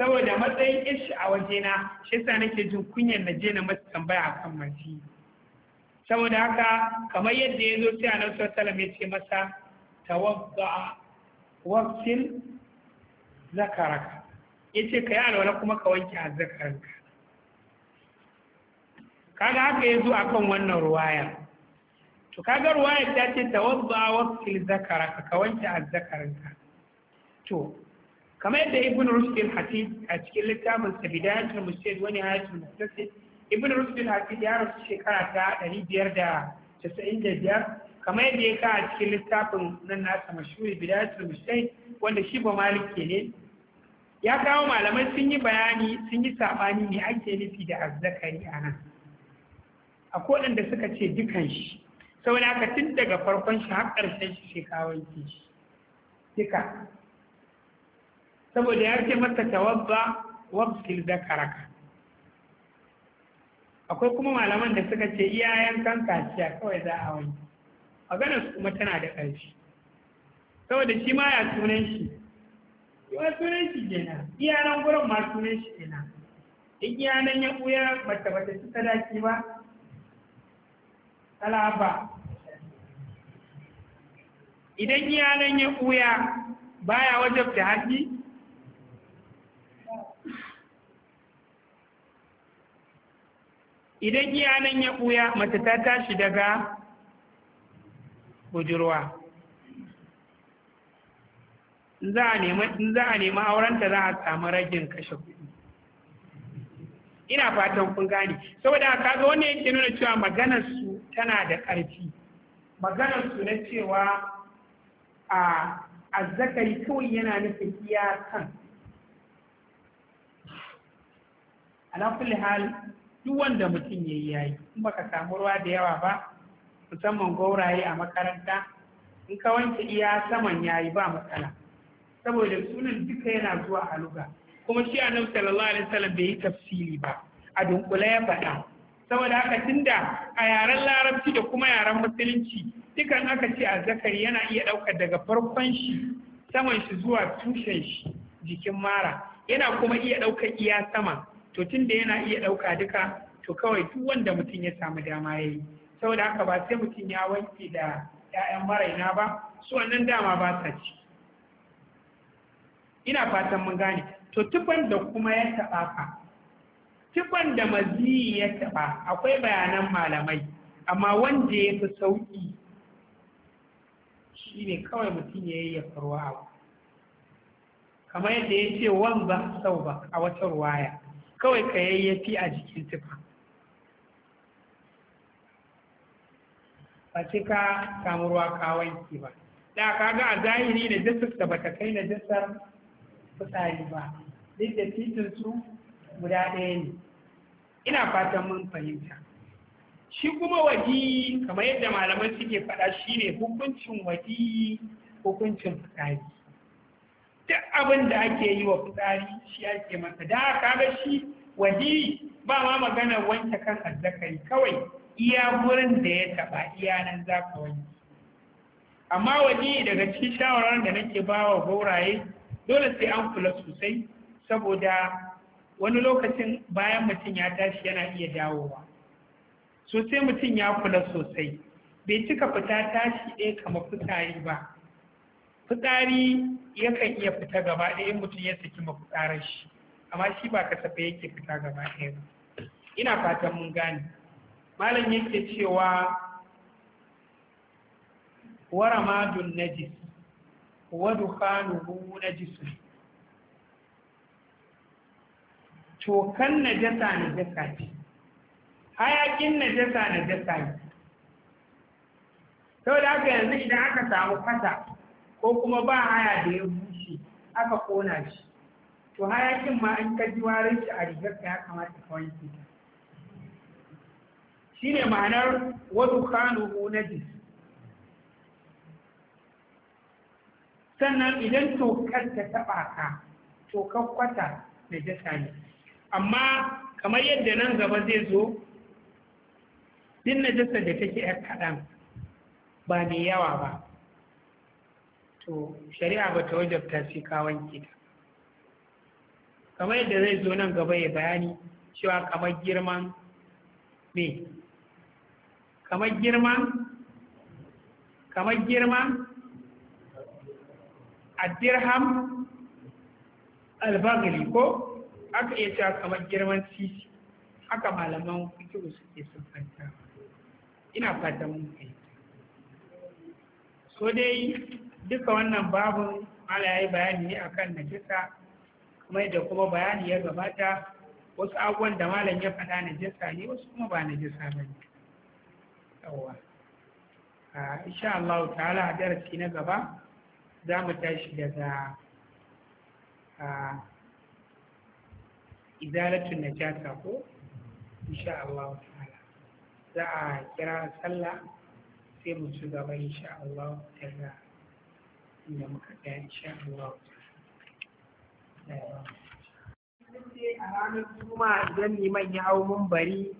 saboda matsayin ishi a wajena shi sa nake jin kunyar na je na masu tambaya akan masihi saboda haka kamar yadda ya zo sai annabi sallallahu ya ce masa a wakil zakaraka ya ce ka yi alwala kuma ka wanke a azzakaranka kaga haka ya zo kan wannan ruwaya to kaga ruwaya ta ce a wakil zakaraka ka wanke zakaranka to kamar yadda ibn rushd al-hatib a cikin littafin sa bidayatul mustad wani hayatul mustasid ibn rushd al-hatib ya rasu shekara ta 595 kamar yadda ya ka a cikin littafin nan na nasa mashhuri bidayatul mustad wanda shi ba ke ne ya kawo malamai sun yi bayani sun yi sabani ne ake nufi da azzakari a nan a kodin da suka ce dukan shi saboda haka tun daga farkon shi har ƙarshen shi shi kawo shi duka saboda ya ce masa tawabba da karaka akwai kuma malaman da suka ce iyayen kan kaciya kawai za a wani magana su kuma tana da ƙarfi saboda shi ma ya sunan shi yawa sunan shi kenan iyanan gurin ma sunan shi kenan in iyanan ya ɓuya bata bata ci sadaki ba talaba idan iyanan ya ɓuya baya wajen da haƙi idan iya nan ya ɓuya mace ta tashi daga budurwa in za a nema aurenta za a samu ragin kashe kuɗi ina fatan kun gane saboda kaga wannan yake nuna cewa maganar su tana da ƙarfi maganar su na cewa a azzakari kawai yana nufin iyakan ala kulli hal duk wanda mutum ya yi yayi in baka samu ruwa da yawa ba musamman gauraye a makaranta in ka wanke iya saman yayi ba matsala saboda sunan duka yana zuwa a luga kuma shi annabi sallallahu alaihi wasallam bai yi tafsiri ba a dunkula ya faɗa saboda haka tunda a yaren larabci da kuma yaren musulunci dukan aka ce a zakari yana iya ɗaukar daga farkon shi saman shi zuwa tushen shi jikin mara yana kuma iya ɗaukar iya sama to tun da yana iya ɗauka duka to kawai duk wanda mutum ya samu dama ya yi saboda haka ba sai mutum ya wanke da 'ya'yan maraina ba su wannan dama ba sa ci ina fatan mun gane to tuban da kuma ya taɓa ka tuban da mazi ya taɓa akwai bayanan malamai amma wanda ya fi sauƙi shi ne kawai mutum ya yi ya faruwa kamar yadda ya ce wan ba sau ba a wata ruwaya kawai ka yayyafi a jikin tufa ba sai ka samu ruwa ka wanke ba da ka ga a zahiri da jisar da bata kai na jisar fitsari ba duk da titin su guda ɗaya ne ina fatan mun fahimta shi kuma waji kamar yadda malaman suke faɗa shine hukuncin waji hukuncin fitsari duk abin da ake yi wa fitsari shi ake masa da aka ga shi waje ba ma magana wanke kan azzakari kawai iya gurin da ya taba iya nan za ka wanke amma waje daga cikin shawarar da nake ba wa gauraye dole sai an kula sosai saboda wani lokacin bayan mutum ya tashi yana iya dawowa sosai mutum ya kula sosai bai cika fita tashi ɗaya kamar fitari ba fitsari yakan iya fita gaba ɗaya mutum ya saki mafitsarar shi amma shi ba kasafai yake fita gaba ɗaya ba ina fatan mun gane malam yake cewa waramadun najis wa dukhanuhu najisun cokan najasa jasa ce hayakin najasa jasa ne saboda haka yanzu idan aka samu fata ko kuma ba haya da ya bushe aka kona shi to hayakin ma an kaji warin shi a rigar ta ya kamata ka wanke ta ne ma'anar wadu kanu najis sannan idan tokar ta taba ka tokar kwata na jasa ne amma kamar yadda nan gaba zai zo din na jasa da take yar kaɗan ba mai yawa ba to shari'a ba ta wajabta sai ka wanke ta kamar yadda zai zo nan gaba ya bayani cewa kamar girman me kamar girman kamar girman addirham albagali ko aka iya cewa kamar girman titi haka malaman fikiru suke fanta, ina fatan mun fahimta so dai duka wannan babun mala yi bayani ne akan najisa kuma da kuma bayani ya gabata wasu abubuwan da malam ya faɗa na najisa ne wasu kuma ba na najisa ba ne yawa insha Allah ta'ala a darasi na gaba za mu tashi daga izalatun najasa ko insha Allah ta'ala za a kira sallah sai mu ci gaba insha Allah ta'ala inda muka ga insha Allah eh. a ranar liman ya hau bari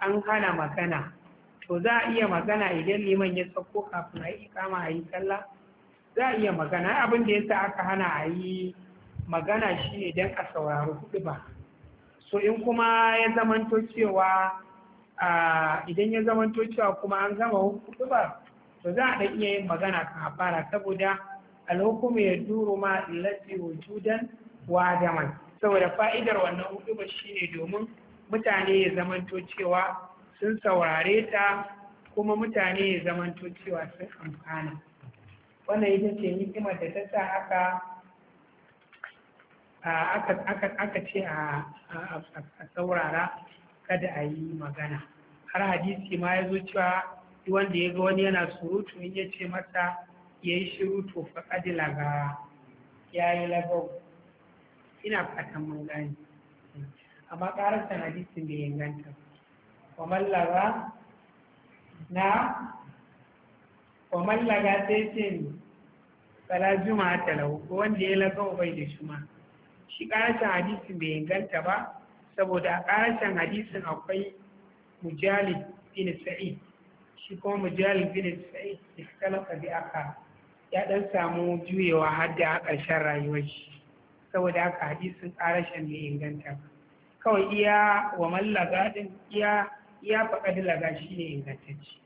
an hana magana to za a iya magana idan liman ya sauko kafin a yi kama a yi sallah za a iya magana abin da yasa aka hana a yi magana shine don a saurari hudu ba so in kuma ya zamanto cewa ah, idan ya zamanto cewa kuma an gama hudu ba to za a iya yin magana kan fara saboda alhukumu ya duru ma lati wujudan wa adaman saboda fa'idar wannan hukuma shine domin mutane ya zamanto cewa sun saurare ta kuma mutane ya zamanto cewa sun amfana wannan ita ce hikimar da ta sa aka aka ce a saurara kada a yi magana har hadisi ma ya zo cewa wanda ya ga wani yana surutu in ya ce masa ya yi shiru to faɗi lagawa, ya yi lagau ina fatan mun gani amma ƙarar sanadisin bai inganta ganta. laga na kamar laga sai ce tsala juma ta lau wanda ya lagau bai da shuma shi ƙarashin hadisin bai inganta ba saboda a ƙarashin hadisin akwai mujalid bin sa'id shi kuma mujahid bin sa'id ikhtalafa bi aka ya dan samu juyewa har da ƙarshen rayuwar shi saboda haka hadisin ƙarashin ne inganta kawai iya wa mallaka din iya iya faƙadi laga shi ne ingantacce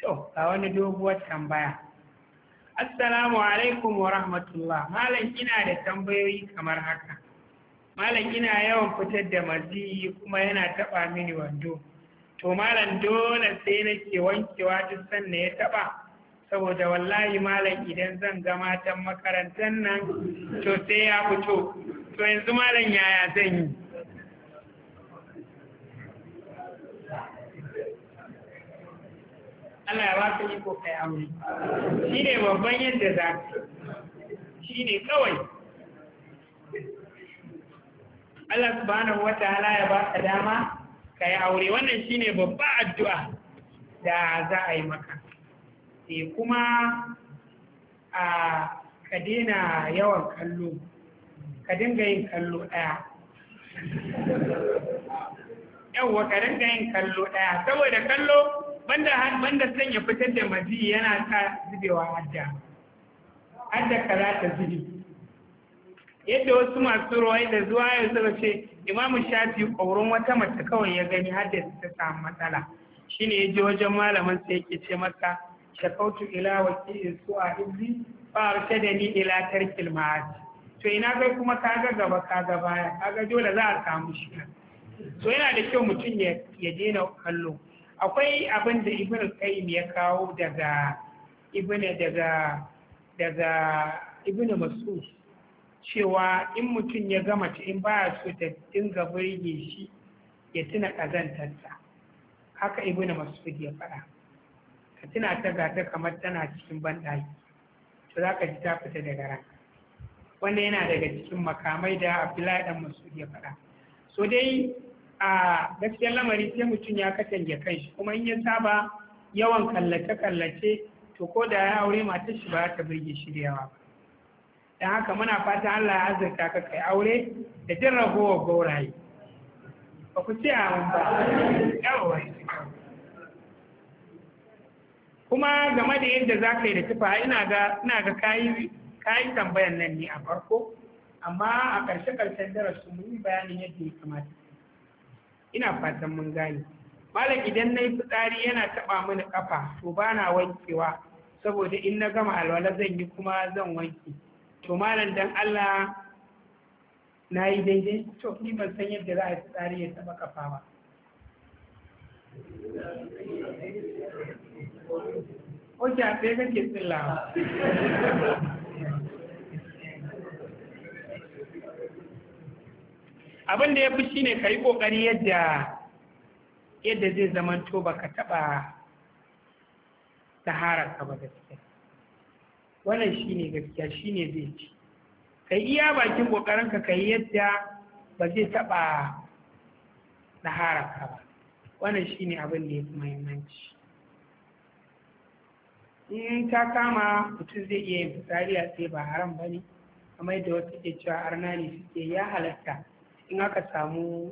to ga wani doguwar tambaya assalamu alaikum wa rahmatullah malam ina da tambayoyi kamar haka malam ina yawan fitar da maziyi kuma yana taɓa mini wando to malam dole sai nake wankewa duk sanna ya taba saboda wallahi malam idan zan ga matan makarantar nan to sai ya fito to yanzu malam yaya zan yi Allah ya baka iko kai aure shi ne babban yadda za ka shi ne kawai Allah subhanahu wa ta'ala ya baka dama ka aure wannan shine babba addu'a da za a yi maka e kuma a ka yawan kallo ka dinga yin kallo ɗaya yawwa ka dinga yin kallo daya saboda kallo banda banda sanya fitar da maji yana sa zubewa hadda hadda ka za ta zubi yadda wasu masu ruwa da zuwa yanzu ba ce imamu shafi ƙoron wata mace kawai ya gani har da ta samu matsala shine ya je wajen malamin sai yake ce maka. shakautu ila wakil su a izi ba da ni ila tarkil ma'aji to ina kai kuma ka ga gaba ka ga baya Ka ga dole za a samu shi to yana da kyau mutum ya ya daina kallo akwai abin da ibn qayyim ya kawo daga ibn daga daga mas'ud cewa in mutum ya gama ta in baya so ta dinga burge shi ya tuna ƙazantarsa haka masu masud ya faɗa ka tuna ta gata kamar tana cikin banɗaki to za ka ji ta fita daga ran wanda yana daga cikin makamai da abdullahi dan masud ya faɗa so dai a gaskiyar lamari sai mutum ya katange kanshi kuma in ya saba yawan kallace-kallace to ko da ya aure matar shi ba ta birge shi da yawa ba don haka muna fata Allah ya azurta ka kai aure da jin ragowar gauraye ba ku ce a ba yawa kuma game da yadda za ka yi da tufa ina ga kayi kayi tambayan nan ne a farko amma a ƙarshe ƙarshen darasu mun yi bayanin yadda ya kamata ina fatan mun gane malam idan na yi fitsari yana taɓa mini ƙafa to ba na wankewa saboda in na gama alwala zan yi kuma zan wanke to malam dan Allah na yi daidai to ni ban san yadda za a tsari ya taba kafa ba Oke, a sai ke Abin da ya fi ne ka yi ƙoƙari yadda yadda zai zamanto ba ka taɓa ka ba gaskiya. wannan shine gaskiya shine zai ci kai iya bakin kokarin ka kai yadda ba zai taba nahara ba wannan shine abin da ya fi muhimmanci in ta kama mutum zai iya yin fitsari a tsaye ba haram ba ne kamar da wasu ke cewa arna ne suke ya halatta in aka samu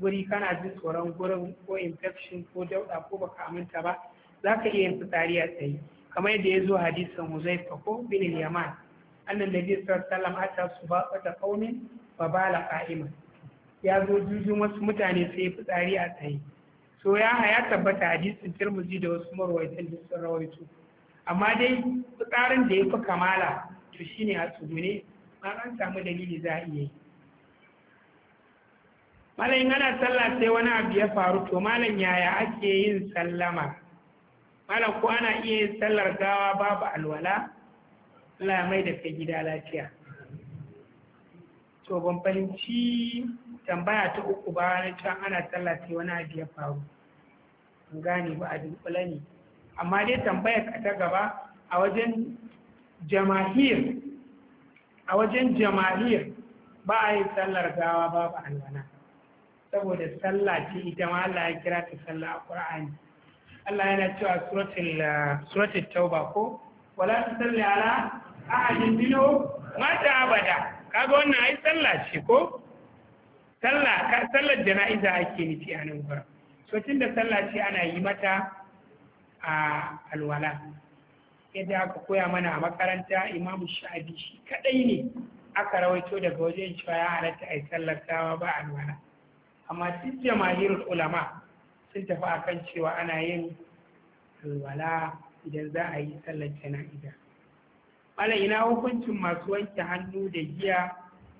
guri kana jin tsoron gurin ko infection ko dauɗa ko baka aminta ba za ka iya yin fitsari a tsaye kamar yadda ya zo hadisin huzai ko binin yaman annan da biyu sallam ata su ba wata kaunin babala ka'ima ya zo juju wasu mutane sai fitsari a tsaye so ya haya tabbata hadisin tirmidhi da wasu marwaitan da sun rawaito amma dai fitsarin da ya fi kamala to shine a tsugune ma an samu dalili za a iya yi sallah sai wani abu ya faru to malam yaya ake yin sallama malam ko ana iya yin sallar gawa babu alwala Allah mai da kai gida lafiya to ban fahimci tambaya ta uku ba na can ana sallar sai wani abu ya faru an gane ba a dunkula ne amma dai tambayar ka ta gaba a wajen jama'ir a wajen jama'ir ba a yi sallar gawa babu alwala, saboda sallah ce ita ma Allah ya kira ta sallah a Qur'ani Allah yana cewa uh, suratul tauba ko wala tusalli ala ahadin minhu mata abada kaga wannan ai sallah ce ko sallah ka sallar jana'iza ake nufi a nan gurin so da sallah ce ana yi mata a alwala yadda aka koya mana a makaranta imamu sha'abi shi kadai ne aka rawaito daga wajen cewa ya halatta a yi sallar tawa ba alwala amma duk jama'ir ulama sun tafi akan cewa ana yin alwala idan za a yi sallar jana'iza Bala ina hukuncin masu wanke hannu da giya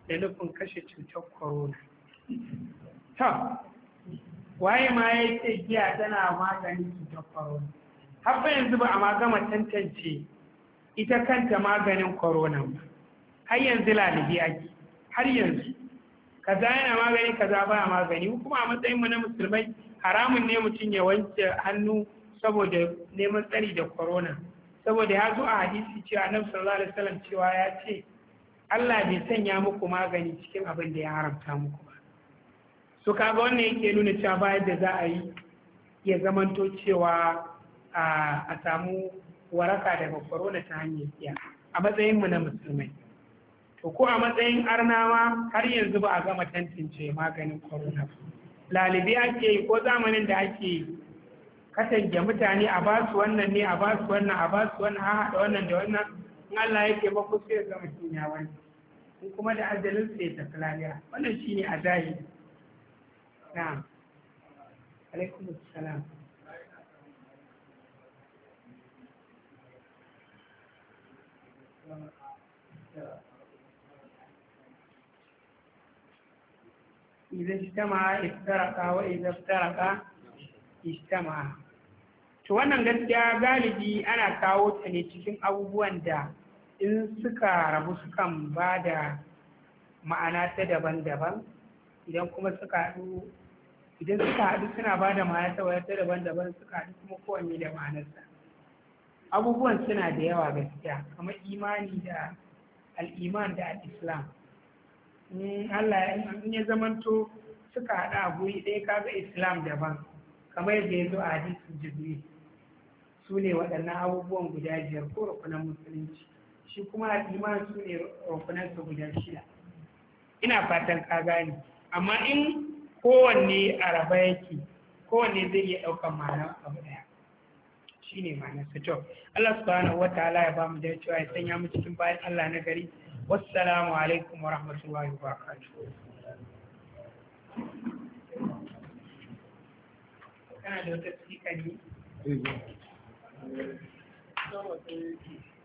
da nufin kashe cutar corona ta waye ma ya ce giya tana maganin cutar corona har fa yanzu ba a magama tantance ita kanta maganin corona ba har yanzu lalibi ake har yanzu kaza yana magani kaza ba magani kuma a matsayin mu na musulmai haramun ne mutum ya wanke hannu saboda neman tsari da korona. saboda ya zo a hadisi cewa nan sallallahu alaihi wasallam cewa ya ce Allah bai sanya muku magani cikin abin da ya haramta muku ba so kaga wannan yake nuna cewa bayan da za a yi ya zamanto cewa a samu waraka daga korona ta hanyar iya a matsayin mu na musulmai to ko a matsayin arnawa har yanzu ba a gama tantance maganin korona ba lalibi ake yi ko zamanin da ake yi katange mutane a ba su wannan ne a ba su wannan a ba su wannan a haɗa wannan da wannan in Allah yake ba ku sai zama shi ne wani in kuma da azalin sai ta kalaliya wannan shi ne a zahiri na alaikum salam إذا اجتمع افترقا وإذا افترقا اجتمع to wannan gaskiya galibi ana kawo ta ne cikin abubuwan da in suka rabu sukan ba da ma'ana daban-daban idan suka haɗu suna ba da ma'ana ta daban-daban suka haɗu kuma kowanne da abubuwan suna da yawa gaskiya kamar imani da al'iman da Islam. in Allah in ya zamanto suka haɗa a guri ɗaya kaga islam daban kamar yadda ya zo a hadisin jibril su ne waɗannan abubuwan guda biyar ko rukunan musulunci shi kuma iman su ne su guda shida ina fatan ka gani amma in kowanne a raba yake kowanne zai iya ɗaukan ma'ana abu ɗaya shi ne ma'ana su to Allah subhanahu wa ta'ala ya ba mu cewa ya sanya mu cikin bayan Allah na gari wassalamu alaikum wa rahmatullahi wa barakatuh kana da wata